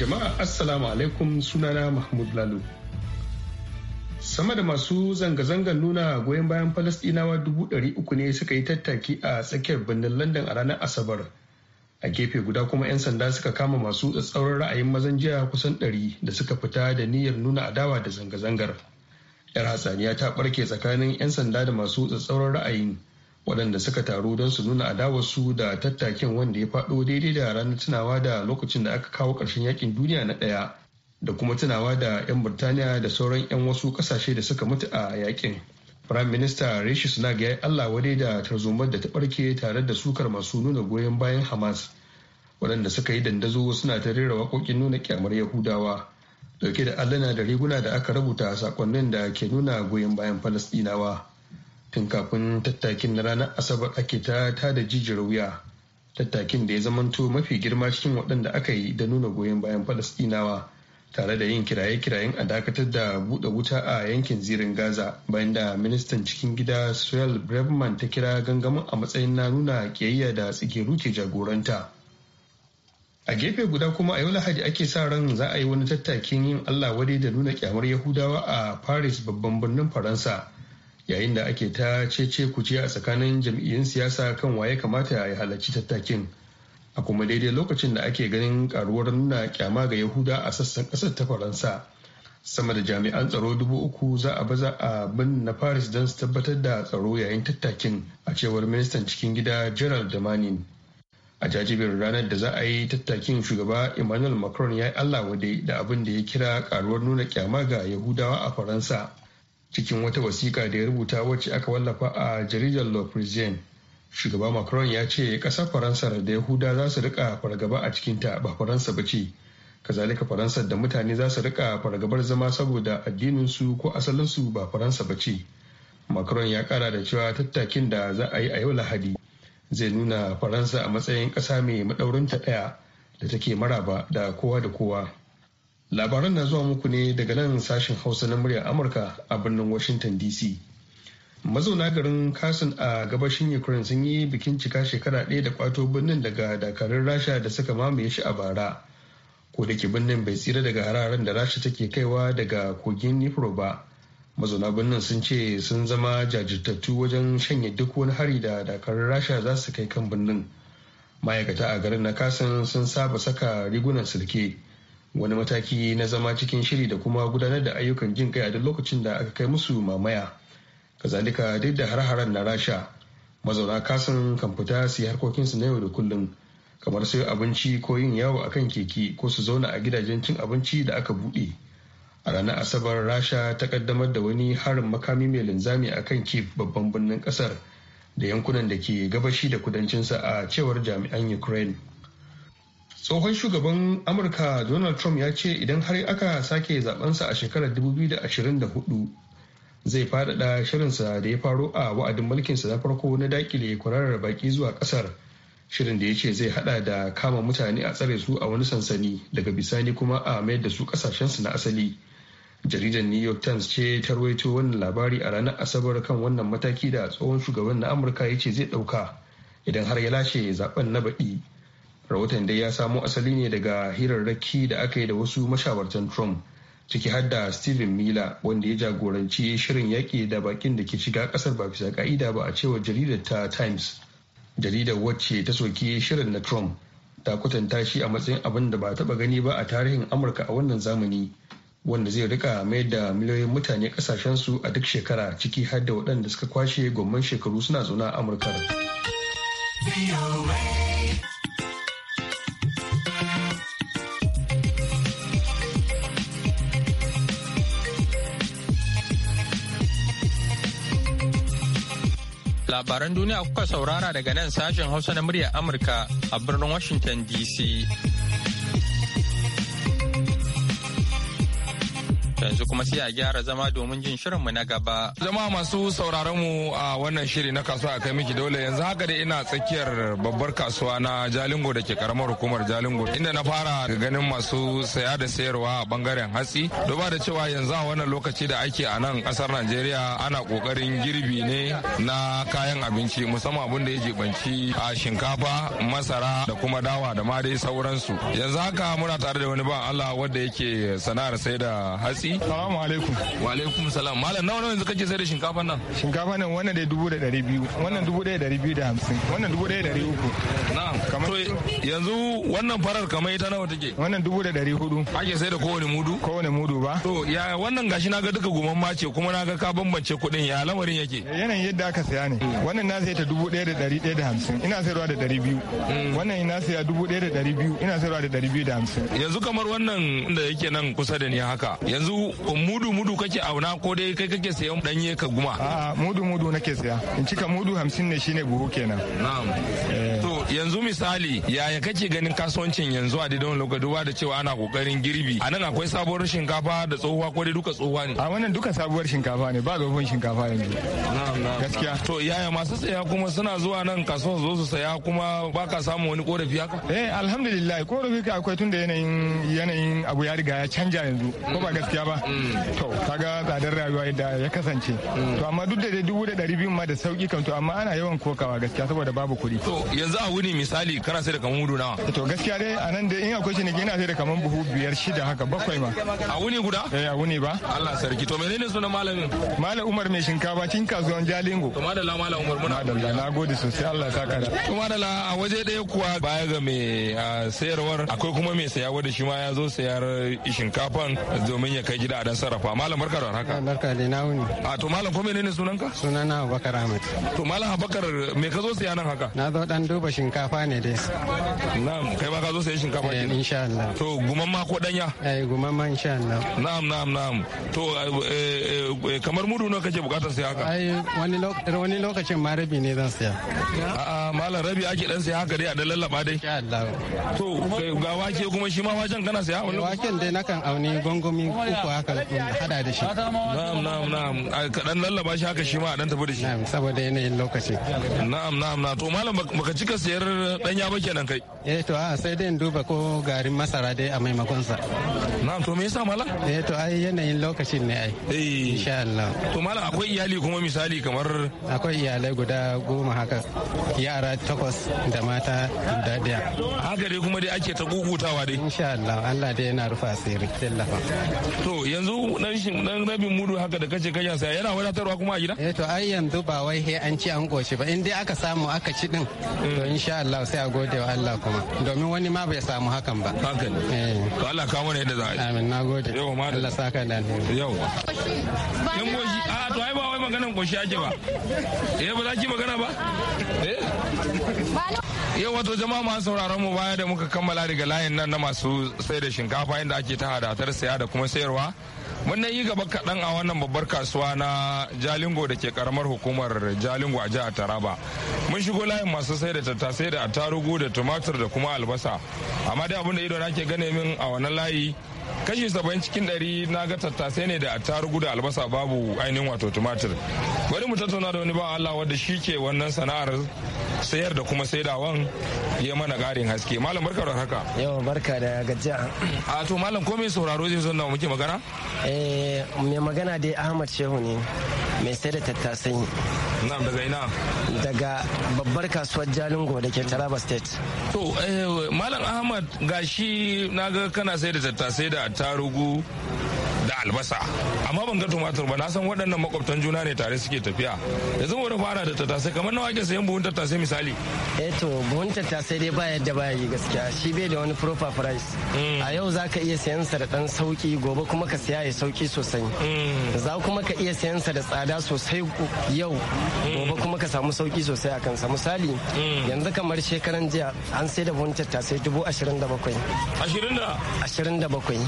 Jama'a Assalamu alaikum sunana Mahmud Lalo. Sama da masu zanga-zangar nuna goyon bayan Falasɗinawa dubu ɗari uku ne suka yi tattaki a tsakiyar birnin London a ranar Asabar. A gefe guda kuma 'yan sanda suka kama masu tsatsauran ra'ayin mazan jiya kusan ɗari da suka fita da niyyar nuna adawa da zanga-zangar. 'Yar hatsaniya ta barke tsakanin 'yan sanda da masu tsatsauran ra'ayin waɗanda suka taru don su nuna adawarsu da tattakin wanda ya faɗo daidai da ranar tunawa da lokacin da aka kawo ƙarshen yakin duniya na ɗaya da kuma tunawa da 'yan Burtaniya da sauran 'yan wasu ƙasashe da suka mutu a yakin. Prime Minister Rishi Sunak ya yi Allah wadai da tarzomar da ta ɓarke tare da sukar masu nuna goyon bayan Hamas waɗanda suka yi dandazo suna ta rera waƙoƙin nuna kyamar Yahudawa dauke da allana da riguna da aka rubuta sakonnin da ke nuna goyon bayan Falasɗinawa. tun kafin tattakin na ranar asabar ake ta tada jijiyar wuya tattakin da ya zamanto mafi girma cikin waɗanda aka yi da nuna goyon bayan falastinawa tare da yin kiraye-kirayen a dakatar da buɗe wuta a yankin zirin gaza bayan da ministan cikin gida suel brebman ta kira gangamin a matsayin na nuna kiyayya da tsigiru ke jagoranta a gefe guda kuma a yau lahadi ake sa ran za a yi wani tattakin yin allah wadai da nuna kyamar yahudawa a paris babban birnin faransa yayin da ake ta cece kuce a tsakanin jam'iyyun siyasa kan waye kamata ya halarci tattakin a kuma daidai lokacin da ake ganin karuwar nuna kyama ga yahuda a sassan kasar ta faransa sama da jami'an tsaro dubu uku za a baza a bin na paris don su tabbatar da tsaro yayin tattakin a cewar ministan cikin gida gerald damanin a jajibin ranar da za a yi tattakin shugaba emmanuel macron ya yi allah wade da abin da ya kira karuwar nuna kyama ga yahudawa a faransa cikin wata wasiƙa da ya rubuta wacce aka wallafa a jaridar le parisien shugaba macron ya ce ƙasar faransa da yahuda za su rika fargaba a cikinta ba faransa ba ce kazalika faransa da mutane za su rika fargabar zama saboda addininsu ko asalinsu ba faransa ba ce macron ya ƙara da cewa tattakin da za a yi a yau lahadi zai nuna faransa a matsayin ƙasa mai maɗaurinta ɗaya da take maraba da kowa da kowa labaran na zuwa muku ne daga nan sashen hausa na muryar amurka a birnin washington dc mazauna garin kasin a gabashin ukraine sun yi bikin cika shekara ɗaya da kwato birnin daga dakarun rasha da suka mamaye shi a bara ko da ke birnin bai tsira daga hararen da rasha take kaiwa daga kogin nifro ba mazauna birnin sun ce sun zama jajirtattu wajen shanye duk wani hari da dakarun rasha za su kai kan birnin ma'aikata a garin na kasin sun saba saka rigunan sirke wani mataki na zama cikin shiri da kuma gudanar da ayyukan jin kai a duk lokacin da aka kai musu mamaya kazalika duk da har-haren na rasha mazauna kasan kan fita su yi harkokinsu na yau da kullum kamar sayo abinci ko yin yawo a kan keke ko su zauna a gidajen cin abinci da aka buɗe a ranar asabar rasha ta kaddamar da wani harin makami mai linzami a kan kif babban birnin kasar da yankunan da ke gabashi da kudancinsa a cewar jami'an ukraine tsohon shugaban amurka donald trump ya ce idan har aka sake zabensa a shekarar 2024 zai faɗaɗa shirinsa da ya faro a wa'adin mulkinsa na farko na dakile kwararar baki zuwa kasar shirin da ya ce zai hada da kama mutane a tsare su a wani sansani daga bisani kuma a mayar da su kasashensu na asali jaridar new york times ce ta ruwaito wannan labari a ranar asabar kan wannan mataki da tsohon shugaban na amurka ya ce zai dauka idan har ya lashe zaben na baɗi rahoton dai ya samo asali ne daga hirarraki da aka yi da wasu mashawartan trump ciki har da steven miller wanda ya jagoranci shirin yaƙi da bakin da ke shiga ƙasar ba bisa ka'ida ba a cewar jaridar ta times jaridar wacce ta soki shirin na trump ta kwatanta shi a matsayin abin da ba taɓa gani ba a tarihin amurka a wannan zamani wanda zai rika mai da miliyoyin mutane su a duk shekara ciki har da waɗanda suka kwashe gomman shekaru suna zauna a amurka. Labaran duniya kuka saurara daga nan sashen Hausa na muryar Amurka a birnin Washington DC. yanzu kuma sai a gyara zama domin jin shirin mu na gaba. Jama'a masu sauraron mu a wannan shiri na kasuwa kai miki dole yanzu haka da ina tsakiyar babbar kasuwa na Jalingo da ke karamar hukumar Jalingo inda na fara ganin masu saya da sayarwa a bangaren hatsi. Duba da cewa yanzu a wannan lokaci da ake a nan kasar Najeriya ana kokarin girbi ne na kayan abinci musamman abin da ya jibanci a shinkafa, masara da kuma dawa da ma dai sauransu. Yanzu haka muna tare da wani ba Allah wanda yake sana'ar sai da hatsi salamu alaikum wa alaikum salam malam nawa nawa yanzu kake sai da shinkafa nan shinkafa nan wannan da dubu da dari biyu wannan dubu ɗaya dari biyu da hamsin wannan dubu ɗaya dari uku na'am kamar yanzu wannan farar kamar ita nawa take wannan dubu da dari hudu ake sai da kowane mudu kowane mudu ba to ya wannan gashi na ga duka gumamma mace kuma na ga ka bambance kuɗin ya lamarin yake eh, yanayin yadda aka saya ne wannan na sai ta dubu ɗaya da dari ɗaya da hamsin ina sayarwa da dari biyu hmm. wannan ina saya dubu ɗaya da dari biyu ina sayarwa da dari biyu da hamsin yanzu kamar wannan da yake nan kusa da ni haka yanzu mudu mudu kake auna ko dai kai kake sayan danye ka guma a mudu mudu nake saya in cika mudu hamsin ne shine buhu kenan na'am eh. to yanzu misali yaya kake ganin kasuwancin yanzu a daidan lokaci duba da cewa ana kokarin girbi a nan akwai sabuwar shinkafa da tsohuwa ko dai duka tsohuwa ne a wannan duka sabuwar shinkafa ne ba gaban shinkafa yanzu gaskiya to yaya masu saya kuma suna zuwa nan kasuwar zo su saya kuma ba ka samu wani korafi haka eh alhamdulillah korafi akwai tunda yanayin yanayin abu ya riga ya canja yanzu ko ba gaskiya ba ba to kaga tsadar rayuwa yadda ya kasance to amma duk da dai dubu da ɗari biyu ma da sauki kan to amma ana yawan kokawa gaskiya saboda babu kuɗi to yanzu a wuni misali kana sai da kamar mudu nawa to gaskiya dai a nan dai in akwai shi ne ina sai da kamar buhu biyar shida haka bakwai ma a wuni guda eh a wuni ba Allah sarki to menene sunan malamin malam Umar mai shinkafa cikin kasuwan Jalingo to madalla malam Umar muna madalla na gode sosai Allah ya saka da to madalla a waje ɗaya kuwa baya ga mai ah, sayarwar akwai kuma mai sayarwa da shi ma ya zo sayar shinkafan domin ya kai gida a dan sarrafa malam barka da haka eh, barka da na wuni a to malam ko menene sunanka sunana Abubakar Ahmed to malam Abubakar me ka zo siya nan haka na zo dan duba shinkafa ne dai na'am kai ba ka zo sayi shinkafa eh, ne insha Allah to gumamma ko danya eh gumamma insha Allah na'am na'am na'am to eh, kamar mudu nawa kake bukatar siya haka ai wani wani lokacin ma rabi ne zan siya a'a malam rabi ake dan siya haka dai a dan lallaba dai insha Allah to ga wake kuma shi ma wajen kana siya wani waken dai nakan auni gongomi uku haka hada da shi na'am na'am na'am kadan lallaba shi haka shi ma dan tafi da shi na'am saboda yanayin lokaci na'am na'am na to malam baka cika sayar ya ba kenan kai eh to a sai dai in duba ko garin masara dai a maimakon sa na'am to me yasa malam eh to ai yanayin lokacin ne ai eh insha Allah to malam akwai iyali kuma misali kamar akwai iyalai guda goma haka yara takwas da mata da daya haka dai kuma dai ake ta gugutawa dai insha Allah Allah dai yana rufa asiri tallafa to yanzu na rabin mudu haka da kace kayan saya yana wadatarwa kuma a gida eh to ai yanzu ba wai he an ci an goshi ba in dai aka samu aka ci din to mm. insha Allah sai a gode wa Allah kuma domin wani ma bai samu hakan ba hakan eh. to Allah ka mana yadda za a yi amin nagode yau ma Allah saka da alheri yau yan goshi a to ai ba wai maganan goshi ake ba eh ba za ki magana ba eh yau wato jama'a masu sauraron mu baya da muka kammala daga layin nan na masu sai da shinkafa inda ake ta hadatar saya da kuma sayarwa mun yi gaba kaɗan a wannan babbar kasuwa na jalingo da ke karamar hukumar jalingo a jihar taraba mun shigo layin masu sai da tattasai da attarugu da tumatur da kuma albasa amma dai abin da ido na ke gane min a wannan layi kashi saba'in cikin ɗari na ga tattasai ne da attarugu da albasa babu ainihin wato tumatir bari mu tattauna da wani ba Allah wadda shi ke wannan sana'ar sayar da kuma saidawan ya mana ƙarin haske malam barka da haka yau barka da gajiya a to malam ko sauraro zai zo na muke magana eh mai magana dai Ahmad Shehu ne mai sai da tattasai Nan daga ina daga babbar kasuwar jalingo da ke taraba state to eh, malam ahmad gashi na ga kana sai da tattasai da attarugu albasa amma ban ga tumatur ba na san waɗannan makwabtan juna ne tare suke tafiya yanzu wani fara da tattasai kamar nawa ake sayan buhun tattasai misali eh to buhun tattasai dai ba yadda ba yi gaskiya shi bai da wani proper price hmm. a yau za ka iya sayan sa da ɗan sauki gobe kuma ka saya ya sauki sosai hmm. za kuma ka iya sayan sa da tsada sosai yau hmm. gobe kuma ka samu sauki sosai a kansa misali yanzu kamar shekaran jiya an sai da buhun tattasai dubu ashirin da bakwai ashirin da ashirin da bakwai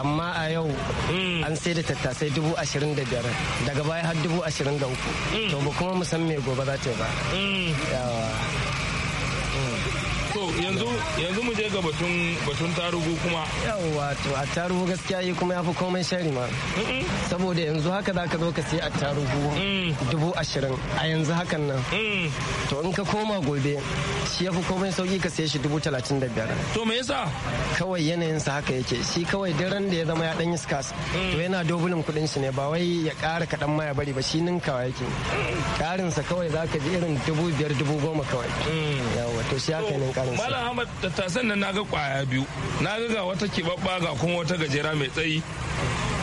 amma a yau Mm. an sai da tattasai dubu ashirin da biyar daga baya har dubu ashirin da uku mm. to ba kuma mu san me gobe za ta ba mm. yanzu yanzu mu je ga batun batun tarugu kuma yawa to a tarugu gaskiya yi kuma yafi komai shari ma saboda yanzu haka za ka zo ka sai a tarugu mm. dubu ashirin a yanzu hakan nan mm. to in ka koma gobe shi yafi komai sauki ka sai shi dubu talatin da biyar to me yasa kawai yanayin sa haka yake shi kawai daren da ya zama ya dan yi skas mm. to yana dobulin kudin shi ne ba wai ya kara kadan ma ya bari ba shi ninkawa yake karin sa kawai za ka ji irin dubu biyar dubu goma kawai yawa to shi haka ne karin Malam Ahmad tasan nan ga kwaya biyu. Na ga wata kibabba ga kuma wata gajera mai tsayi.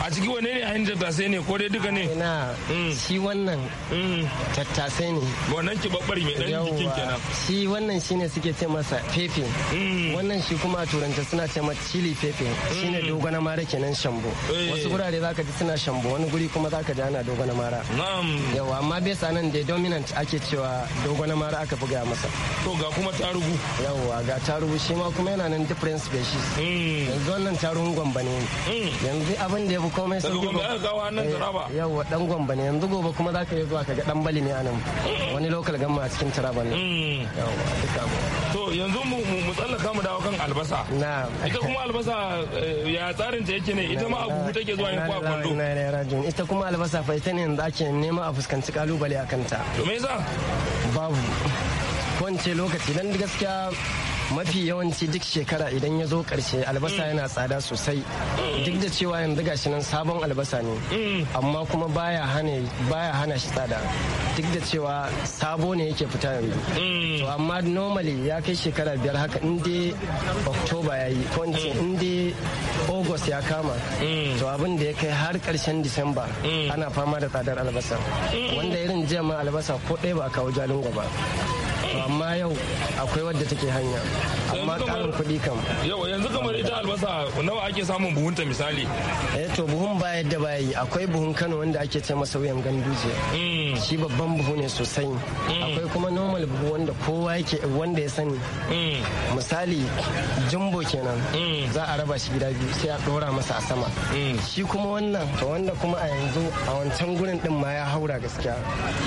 a ciki wane ne ainihin tattasai ne ko dai duka ne na hmm. shi wannan hmm. tattasai ne wannan ki babbari mai dan jikin kenan shi wannan shine suke ce masa fefe hmm. wannan shi kuma a turanta suna ce masa chili fefe shine dogon mara kenan shambo eh. wasu gurare zaka ji suna shambo wani guri kuma zaka ji ana dogon mara yawa amma bai sanan da dominant ake cewa dogon mara aka buga masa to ga kuma tarugu yawa ga tarugu shi ma kuma yana nan difference species yanzu wannan tarugun gwamba ne yanzu abin da ya komai sauki eh, taraba. yawa dan gwamba ne yanzu gobe kuma zaka yi zuwa ka ga dan bali ne anan wani local gamma a cikin taraba ne hmm. to yanzu mu mu tsallaka mu dawo kan albasa na ita kuma albasa eh, ya tsarin ta yake ne ita ma abu take zuwa yin ko a kwando na na rajin ita kuma albasa fa ita ne yanzu ake nema a fuskanci kalubale a kanta to me yasa babu ko lokaci dan gaskiya mafi yawanci duk shekara idan ya zo karshe albasa yana tsada sosai duk da cewa yanzu gashi nan sabon albasa ne amma kuma baya hana baya hana shi tsada duk da cewa sabo ne yake fita yanzu to amma normally ya kai shekara biyar haka in dai october ya yi ko in august ya kama to abin da ya kai har karshen December ana fama da tsadar albasa wanda irin jiya ma albasa ko ɗaya ba a kawo jalingo ba to amma yau akwai wadda take hanya amma karin kuɗi kam yau yanzu kamar ita albasa nawa ake samun buhunta misali eh to buhun ba yadda ba yi akwai buhun Kano wanda ake ce masa wuyan ganduje mm. shi babban buhu ne sosai mm. akwai kuma normal buhu wanda kowa yake wanda ya sani mm. misali jumbo kenan za a raba shi gida biyu sai a dora masa a sama shi kuma wannan to wanda kuma a yanzu a wancan gurin din ma ya haura gaskiya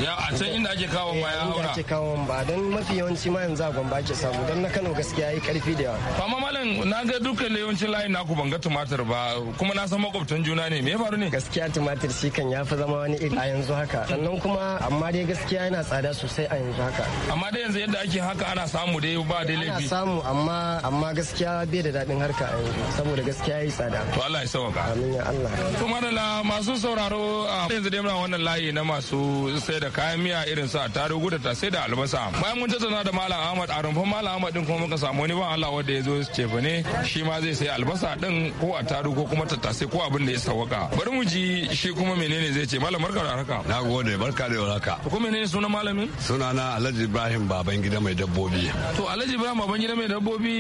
ya a can inda ake kawo ma ya eh, haura ake kawo ba don mafi yawanci ma yanzu a gwamba ke samu don na kano gaskiya yi karfi da yawa amma malam na ga dukkan yawancin layin naku ban ga tumatir ba kuma na san makwabtan juna ne me ya faru ne gaskiya tumatir shi kan ya fi zama wani iri a yanzu haka sannan kuma amma dai gaskiya yana tsada sosai a yanzu haka amma dai yanzu yadda ake haka ana samu dai ba dai laifi ana samu amma amma gaskiya bai da daɗin harka a yanzu saboda gaskiya yi tsada to Allah ya sauka amin ya Allah to madalla masu sauraro a yanzu dai muna wannan layi na masu sai da kayan miya irin su a tarugu da ta sai da albasa bayan mun tattauna da malam ahmad a rumfin malam ahmad din kuma muka samu wani ban allah wanda ya zo cefa ne shi ma zai sai albasa din ko a taru ko kuma tattasai ko abin da ya sauka. bari mu ji shi kuma menene zai ce malam barka da haka na gode barka da haka ko menene sunan malamin sunana alhaji ibrahim baban gida mai dabbobi to alhaji ibrahim baban gida mai dabbobi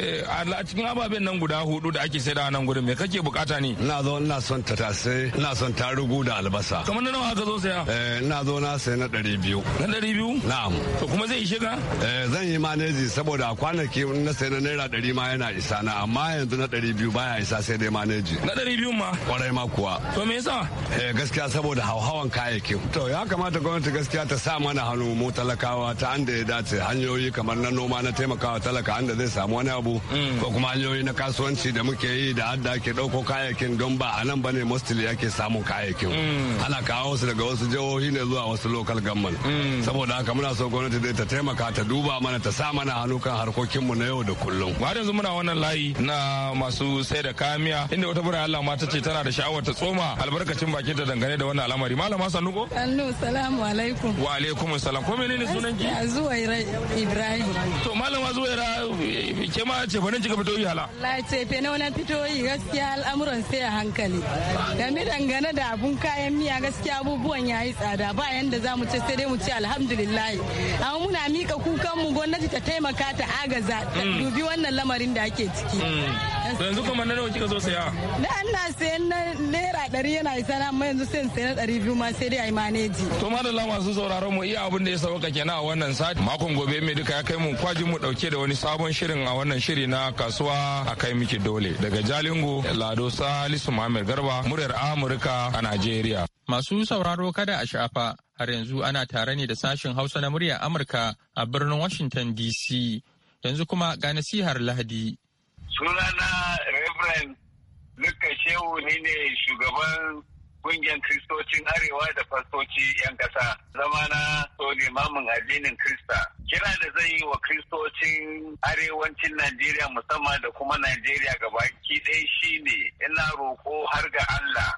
eh, a cikin ababen nan guda hudu da ake sai da nan gurin me kake bukata ne ina zo ina son tattasai ina son tarugu da albasa kamar nawa aka zo saya eh ina zo na sai na 200 na 200 na'am to kuma zai eh, zan yi maneji saboda kwanaki na sai na naira ɗari ma yana isa na amma yanzu na ɗari biyu baya isa sai dai maneji. Na ɗari biyu ma? Kwarai ma kuwa. To me yasa? Eh, gaskiya saboda hauhawan kayayyakin. To ya kamata gwamnati gaskiya ta sa mana hannu mu talakawa ta an da ya dace hanyoyi kamar na noma na taimakawa talaka an da zai samu wani abu. Mm. Ko kuma hanyoyi na kasuwanci da muke yi da adda ke ɗauko kayayyakin don ba a nan ba ne mostly ake samun kayayyakin. Mm. Ana kawo su daga wasu jihohi ne zuwa wasu local government. Mm. Saboda haka muna so gwamnati zai ta ta taimaka ta duba mana ta sa mana hannu kan harkokinmu na yau da kullum. Ba yanzu muna wannan layi na masu sai da kamiya inda wata bura Allah mata ce tana da sha'awar ta tsoma albarkacin bakin ta dangane da wannan al'amari. Malama Sanuko. Allo salamu alaikum. Wa alaikum salam. Ko menene sunan ki? Zuwaira Ibrahim. To malama Zuwaira ke ma ce fa nan kika fito yi hala. Allah ce fe na wannan fito yi gaskiya al'amuran sai a hankali. Game dangane da abun kayan miya gaskiya abubuwan yayi tsada ba yanda za mu ce sai dai mu ce alhamdulillah. Amma mun muna mika mu gwamnati ta taimaka ta agaza ta mm. dubi wannan lamarin da ake ciki. Mm. yanzu kuma na nawa kika zo saya da na sayan na naira ɗari yana isa na amma yanzu sai sayan ɗari biyu ma sai dai a yi maneji to la masu sauraron mu iya abin da ya sauka kenan a wannan sati makon gobe mai duka ya kai mu kwajin mu ɗauke da wani sabon shirin a wannan shiri na kasuwa a kai miki dole daga jalingo lado salisu muhammad garba muryar amurka a najeriya masu sauraro kada a shafa har yanzu ana tare ne da sashen Hausa na murya Amurka a birnin Washington DC. Yanzu kuma ga nasihar Lahadi. Sunana Reverend Luka Shehu ni ne shugaban kungiyar Kristocin Arewa da fastoci 'yan ƙasa. na so limamin addinin Krista. Kira da zan yi wa Kristocin Arewacin Najeriya musamman da kuma Najeriya gabaki ɗaya shine ina roƙo har ga Allah.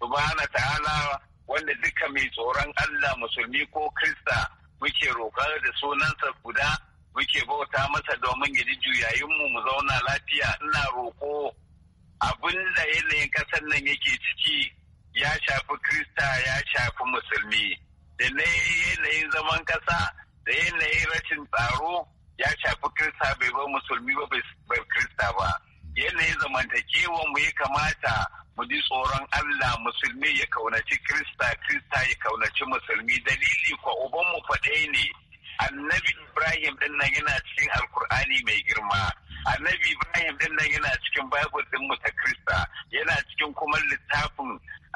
Subhana ta'ala wanda duka mai tsoron Allah musulmi ko Krista muke roƙar da sunansa guda muke bauta masa domin ya ji juyayinmu mu zauna lafiya ina roƙo abin da yanayin ƙasar nan yake ciki ya shafi Krista ya shafi musulmi da na yanayin zaman ƙasa da yanayin rashin tsaro ya shafi Krista bai bar musulmi ba bai Krista ba. yanayin zamantakewa mu ya kamata mu ji tsoron Allah musulmi ya kaunaci Krista, Krista ya kaunaci musulmi dalili kwa uban mu faɗe ne. Annabi Ibrahim din nan yana cikin Alkur'ani mai girma. Annabi Ibrahim din nan yana cikin Bible din mu ta Krista, yana cikin kuma littafin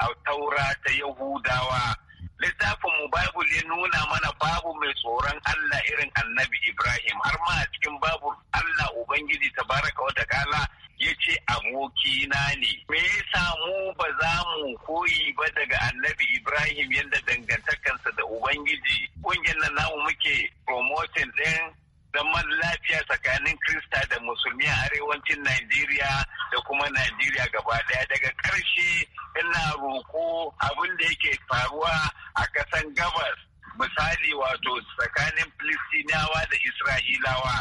a taura ta Yahudawa. littafin mu Bible ya nuna mana babu mai tsoron Allah irin annabi Ibrahim har ma a cikin babu Allah Ubangiji tabaraka wa ta'ala ya ce abokina ne. Me yasa mu ba za mu koyi ba daga annabi Ibrahim yadda dangantakansa da Ubangiji ƙungiyar nan namu muke promoting ɗin zaman lafiya tsakanin Krista da Musulmi a arewacin Najeriya da kuma Najeriya gaba daya. Daga ƙarshe ina roko abin da yake faruwa a ƙasan gabas. Misali wato tsakanin filistiniyawa da Isra'ilawa.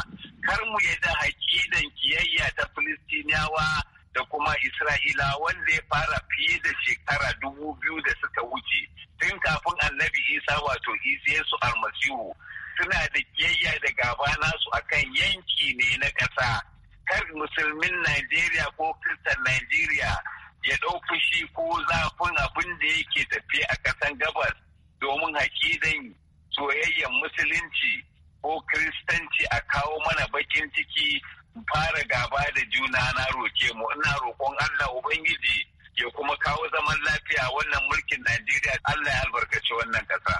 Kar mu yadda hakidan kiyayya ta filistiniyawa da kuma Isra'ila wanda ya fara fiye da shekara dubu biyu da suka wuce tun kafin annabi Isa wato Isa Yesu almasihu suna da kiyayya da gaba nasu akan yanki ne na ƙasa kar musulmin najeriya ko kristan najeriya ya ɗau fushi ko zafin abin da yake tafiya a ƙasan gabas domin hakidan soyayyen musulunci ko kiristanci a kawo mana bakin ciki fara gaba da juna na roke mu ina roƙon allah ubangiji ya kuma kawo zaman lafiya wannan mulkin najeriya allah ya albarkaci wannan ƙasa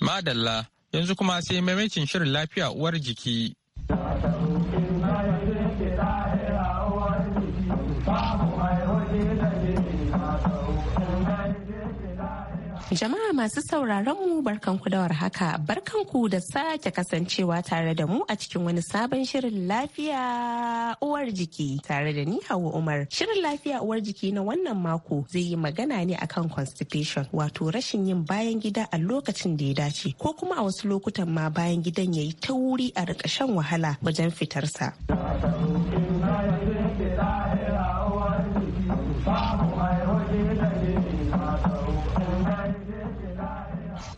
madalla Yanzu kuma sai maimacin shirin lafiya uwar jiki. Jama'a masu sauraron mu barkanku da warhaka barkanku da sake kasancewa tare da mu a cikin wani sabon shirin lafiya uwar jiki tare da ni Hauwa Umar. Shirin lafiya uwar jiki na wannan mako zai yi magana ne akan constipation wato rashin yin bayan gida a lokacin da ya dace ko kuma a wasu lokutan ma bayan gidan yayi tauri a rika wahala wajen fitarsa.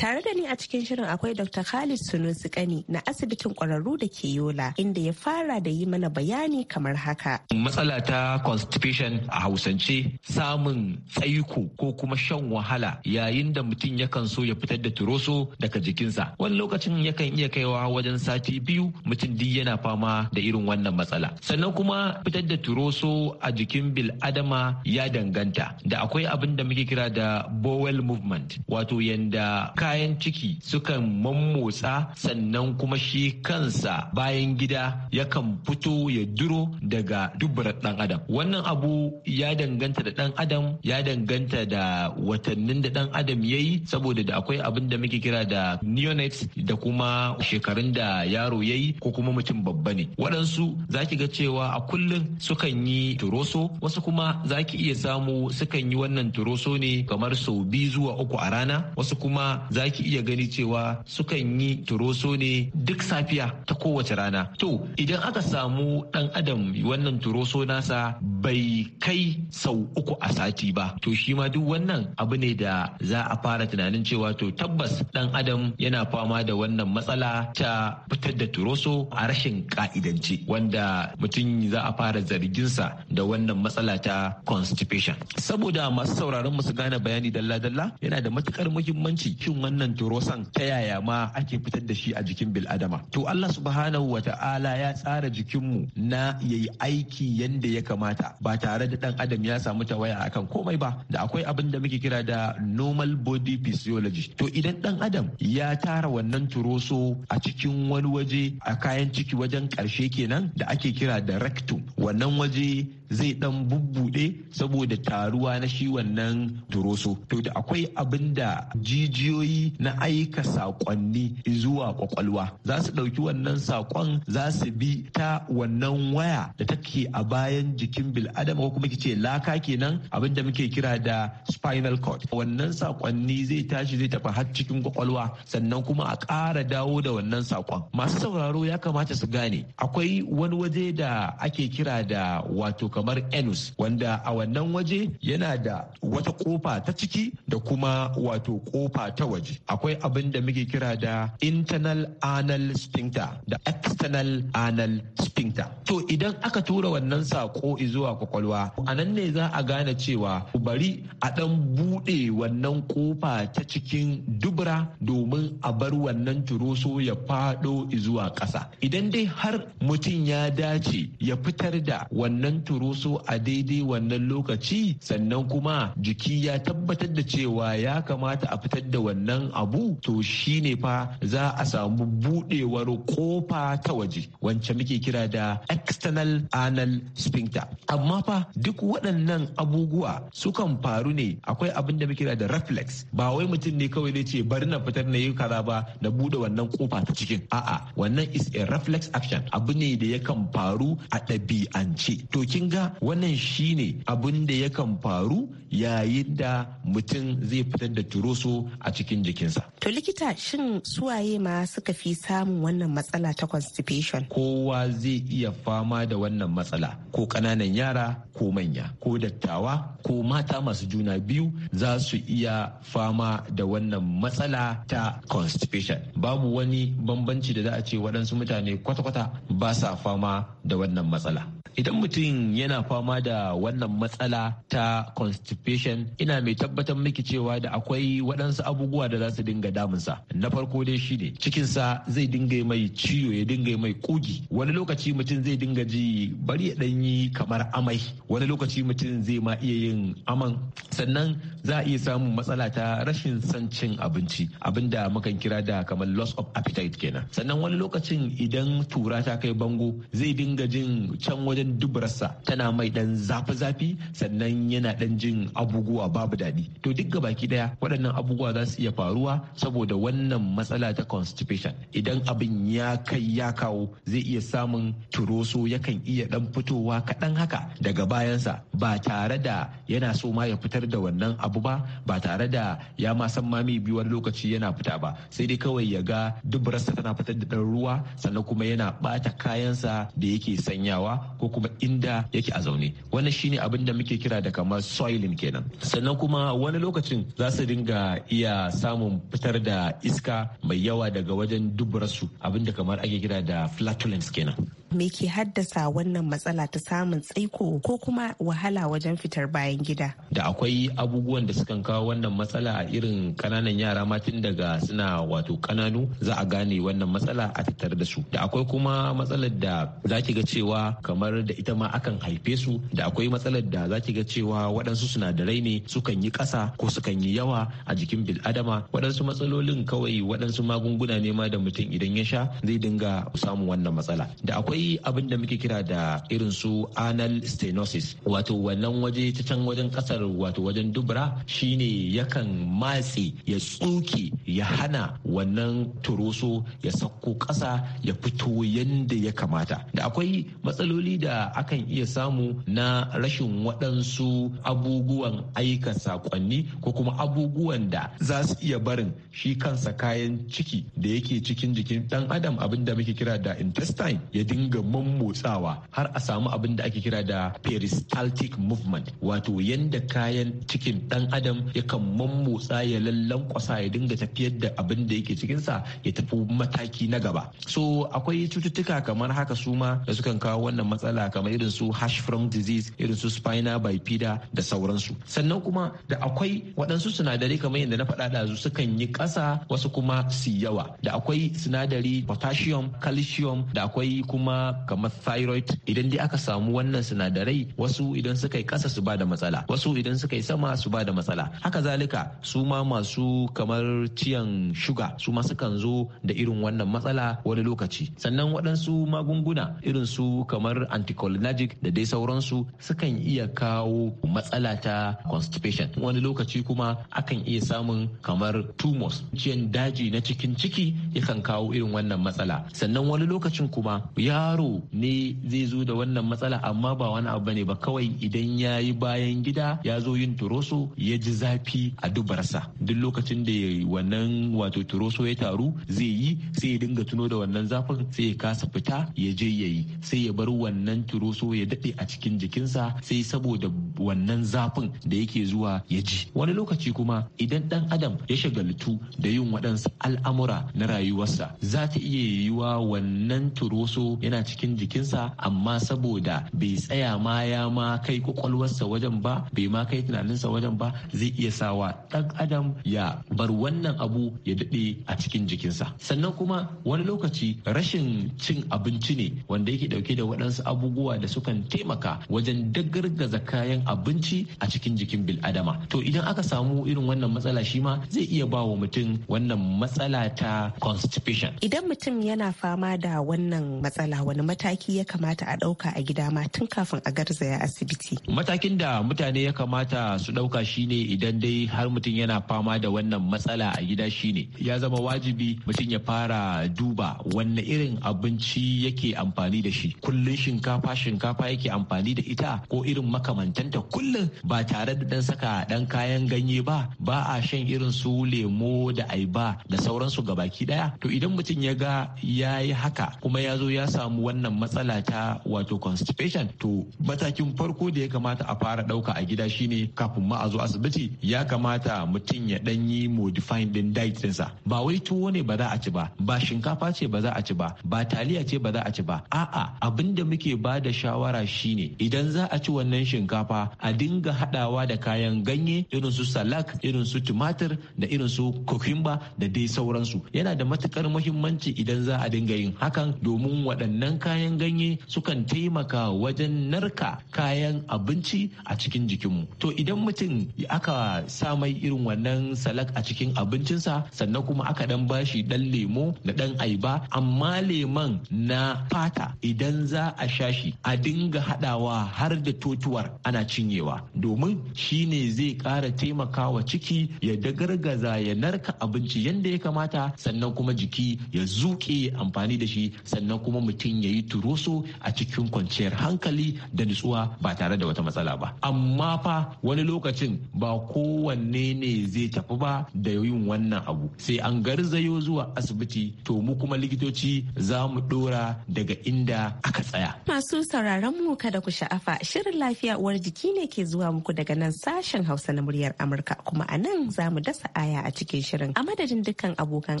Tare da ni a cikin shirin akwai Dr. Khalid Sunusi Kani na asibitin kwararru da ke Yola inda ya fara da yi mana bayani kamar haka. Matsala ta constipation a Hausance samun tsaiko ko kuma shan wahala yayin da mutum yakan so ya fitar da turoso daga jikinsa. Wani lokacin yakan iya kaiwa wajen sati biyu mutum duk yana fama da irin wannan matsala. Sannan kuma fitar da turoso a jikin bil adama ya danganta da akwai abin da muke kira da bowel movement wato yanda ka kayan ciki sukan mammotsa sannan kuma shi kansa bayan gida yakan fito ya duro daga dubbarar dan adam wannan abu ya danganta da dan adam ya danganta da watannin da dan adam ya yi saboda da akwai abin da muke kira da neonates da kuma shekarun da yaro ya yi ko kuma mutum babba ne waɗansu za ki ga cewa a kullum sukan yi turoso wasu kuma za ki iya samu sukan yi wannan turoso ne kamar sau biyu zuwa uku a rana wasu kuma za za ki iya gani cewa sukan yi turoso ne duk safiya ta kowace rana to idan aka samu ɗan adam wannan turoso nasa bai kai sau uku a sati ba to shi ma duk wannan abu ne da za a fara tunanin cewa to tabbas ɗan adam yana fama da wannan matsala ta fitar da turoso a rashin ka'idance wanda mutum za a fara zarginsa da wannan matsala ta constipation saboda masu sauraron mu su gane bayani dalla-dalla yana da matukar muhimmanci shin wannan turosan ta yaya ma ake fitar da shi a jikin bil'adama to Allah subhanahu wa ta'ala ya tsara jikinmu na yayi aiki yanda ya kamata ba tare da dan adam ya samu tawaya akan komai ba da akwai abin da muke kira da normal body physiology to idan dan adam ya tara wannan turoso a cikin wani waje a kayan ciki wajen karshe kenan da ake kira da rectum wannan waje zai dan bubbude saboda taruwa na shi wannan turoso to da akwai abin da jijiyoyi nauyi na aika saƙonni zuwa kwakwalwa za su ɗauki wannan sakon za su bi ta wannan waya da take a bayan jikin bil'adam ko kuma kice laka kenan abin da muke kira da spinal cord wannan sakonni zai tashi zai tafi har cikin kwakwalwa sannan kuma a ƙara dawo da wannan sakon masu sauraro ya kamata su gane akwai wani waje da ake kira da wato kamar enus wanda a wannan waje yana da wata ƙofa ta ciki da kuma wato ƙofa ta waje waje akwai abin da muke kira da internal anal sphincter da external anal sphincter to idan aka tura wannan saƙo zuwa kwakwalwa a nan ne za a gane cewa ku bari a ɗan buɗe wannan ƙofa ta cikin dubura domin a bar wannan turoso ya faɗo zuwa ƙasa idan dai har mutum ya dace ya fitar da wannan turoso a daidai wannan lokaci sannan kuma jiki ya tabbatar da cewa ya kamata a fitar da wannan wannan abu to shine fa za a samu budewar kofa ta waje wancan muke kira da external anal sphincter amma fa duk waɗannan abubuwa sukan faru ne akwai abin da muke kira da reflex ba wai mutum ne kawai zai ce bari na fitar na yi kaza ba na bude wannan kofa ta cikin a'a wannan is a reflex action abu ne da yakan faru a ɗabi'ance to kin ga wannan shine abin da yakan faru yayin da mutum zai fitar da turoso a cikin jikinsa. To likita shin suwaye ma suka fi samun wannan matsala ta constipation? Kowa zai iya fama da wannan matsala ko ƙananan yara ko manya ko dattawa ko mata masu juna biyu za su iya fama da wannan matsala ta constipation. Babu wani bambanci da za a ce waɗansu mutane kwata-kwata ba sa fama da wannan matsala. Idan mutum yana fama da wannan matsala ta constipation ina mai tabbatar miki cewa da akwai waɗansu abubuwa da za su dinga damunsa na farko dai shi shine cikinsa zai dinga mai ciwo ya dinga mai kugi wani lokaci mutum zai dinga ji bari ya yi kamar amai wani lokaci mutum zai ma iya yin aman sannan za a iya samun matsala ta rashin son cin abinci abinda mukan kira da kamar loss of appetite kenan sannan wani lokacin idan tura ta kai bango zai dinga jin can wajen dubarsa tana mai dan zafi-zafi sannan yana dan jin abubuwa babu daɗi to duk baki daya waɗannan abubuwa za su iya faruwa saboda wannan matsala ta constipation idan abin ya kai ya kawo zai iya samun turoso yakan iya dan fitowa kaɗan haka daga bayansa ba tare da yana so ma ya fitar da wannan abu ba ba tare da ya ma san ma mai biyuwar lokaci yana fita ba sai dai kawai ya ga dubarsa tana fitar da ɗan ruwa sannan kuma yana bata kayansa da yake sanyawa ko kuma inda yake a zaune wannan shine abin da muke kira da kamar soiling kenan sannan kuma wani lokacin za su dinga iya samun samun fitar da iska mai yawa daga wajen abin abinda kamar ake kira da flatulence kenan me ke haddasa wannan matsala ta samun tsaiko ko kuma wahala wajen fitar bayan gida da akwai abubuwan da sukan kawo wannan matsala a irin kananan yara ma tun daga suna wato kananu za a gane wannan matsala a fitar da su da akwai kuma matsalar da za ki ga cewa kamar da ita ma akan haife su da akwai matsalar da za ki ga cewa waɗansu sinadarai ne sukan yi ƙasa ko sukan yi yawa a jikin bil'adama waɗansu matsalolin kawai waɗansu magunguna ne ma da mutum idan ya sha zai dinga samun wannan matsala da akwai akwai abin da muke kira da irin su anal stenosis wato wannan waje ta can wajen kasar wato wajen dubura shine yakan matse ya tsuke ya hana wannan turoso ya sauko ƙasa ya fito yadda ya kamata da akwai matsaloli da akan iya samu na rashin waɗansu abubuwan aika saƙonni ko kuma abubuwan da za su iya barin shi kansa kayan ciki da yake cikin jikin ɗan adam abin da muke kira da intestine ya dinga ga mammotsawa har a samu abin da ake kira da peristaltic movement wato yadda kayan cikin dan adam yakan mammotsa ya lallan lallankwasa ya dinga tafiyar da abin da yake cikinsa ya tafi mataki na gaba so akwai cututtuka kamar haka su ma da sukan kawo wannan matsala kamar irin su hash from disease irin su spina bifida da sauransu sannan kuma da akwai waɗansu sinadarai kamar yadda na faɗa ɗazu sukan yi ƙasa wasu kuma su yawa da akwai sinadari potassium calcium da akwai kuma kamar thyroid idan dai aka samu wannan sinadarai wasu idan suka yi kasa su ba da matsala wasu idan suka yi sama su ba da matsala haka zalika su ma masu kamar ciyan shuga su ma sukan zo da irin wannan matsala wani lokaci sannan waɗansu magunguna irin su kamar anticholinergic da dai sauransu sukan iya kawo matsala ta constipation wani lokaci kuma akan iya samun kamar tumors ciyan daji na cikin ciki yakan kawo irin wannan matsala sannan wani lokacin kuma ya yaro ne zai zo da wannan matsala amma ba wani abu bane ba kawai idan ya yi bayan gida ya zo yin turoso ya ji zafi a dubarsa duk lokacin da ya yi wannan wato turoso ya taru zai yi sai ya dinga tuno da wannan zafin sai ya kasa fita ya je ya yi sai ya bar wannan turoso ya daɗe a cikin jikinsa sai saboda wannan zafin da yake zuwa ya ji wani lokaci kuma idan ɗan adam ya shagaltu da yin waɗansu al'amura na rayuwarsa za ta iya yiwuwa wannan turoso yana a cikin jikinsa amma saboda bai tsaya ma ya ma kai kwakwalwarsa wajen ba bai ma kai tunaninsa wajen ba zai iya sawa ɗan adam ya bar wannan abu ya daɗe a cikin jikinsa sannan kuma wani lokaci rashin cin abinci ne wanda yake ɗauke da waɗansu abubuwa da sukan taimaka wajen daggargaza kayan abinci a cikin jikin bil'adama to idan aka samu irin wannan matsala shi ma zai iya ba wa mutum wannan matsala ta constipation idan mutum yana fama da wannan matsala wani mataki ya kamata a ɗauka a gida ma tun kafin a garzaya asibiti. Matakin da mutane ya kamata su ɗauka shine idan dai har mutum yana fama da wannan matsala a gida shine ya zama wajibi mutum ya fara duba wanne irin abinci yake amfani da shi kullum shinkafa shinkafa yake amfani da ita ko irin makamantanta kullum ba tare da dan saka dan kayan ganye ba ba a shan irin su lemo da aiba da sauransu gabaki daya to idan mutum ya ga ya yi haka kuma ya zo ya samu samu wannan matsala ta wato constipation to matakin farko da ya kamata a fara ɗauka a gida shine kafin ma a zo asibiti ya kamata mutum ya ɗan yi modifying din diet ɗinsa ba wai tuwo ne ba za a ci ba ba shinkafa ce ba za a ci ba ba taliya ce ba za a ci ba a'a abin da muke ba da shawara shine idan za a ci wannan shinkafa a dinga haɗawa da kayan ganye irin su salak irin su tumatir da irin su cucumber da dai sauransu yana da matukar muhimmanci idan za a dinga yin hakan domin waɗannan waɗannan kayan ganye sukan taimaka wajen narka kayan abinci a cikin jikinmu to idan mutum aka samai irin wannan salak a cikin abincinsa sannan kuma aka dan bashi dan lemo da dan aiba amma leman na fata idan za a sha shi a dinga haɗawa har da totuwar ana cinyewa domin shi ne zai ƙara taimakawa ciki ya dagargaza ya narka abinci yadda ya kamata sannan kuma jiki ya zuke amfani da shi sannan kuma mutum mutum ya yi turoso a cikin kwanciyar hankali da nutsuwa ba tare da wata matsala ba amma fa wani lokacin ba kowanne ne zai tafi ba da yin wannan abu sai an garzayo zuwa asibiti to mu kuma likitoci za mu dora daga inda aka tsaya masu sauraron mu kada ku sha'afa shirin lafiya uwar jiki ne ke zuwa muku daga nan sashen hausa na muryar amurka kuma a nan za mu dasa aya a cikin shirin a madadin dukkan abokan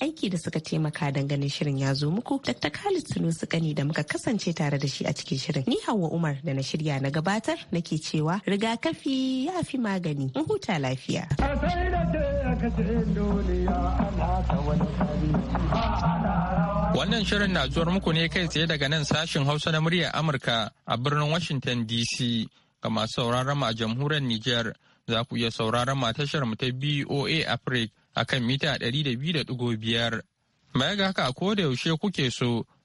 aiki da suka taimaka dangane shirin ya zo muku dr khalid sunusu gani da muka kasance tare da shi a cikin shirin. Ni Hauwa Umar da na shirya na gabatar nake cewa rigakafi ya fi magani in huta lafiya. Wannan shirin na zuwar muku ne kai tsaye daga nan sashin Hausa na muryar Amurka a birnin Washington DC ga masu sauraron a jamhuriyar Nijar za ku iya sauraron ma tashar mu ta BOA Africa akan mita 200.5. Mai ga haka ko da yaushe kuke so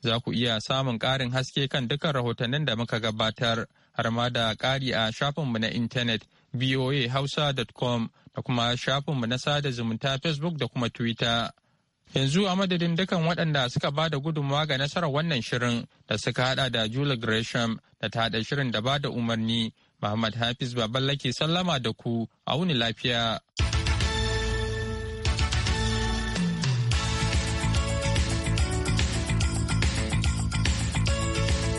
Za ku iya samun ƙarin haske kan dukkan rahotannin da muka gabatar har ma da kari a shafinmu na intanet voahausa.com da kuma shafinmu na sada zumunta Facebook da kuma Twitter. Yanzu a madadin dukan waɗanda suka ba da gudunmawa ga nasarar wannan shirin da suka hada da Julie Gresham da ta haɗa shirin da ba da umarni, Muhammad Hafiz Baballake sallama da ku a wuni lafiya.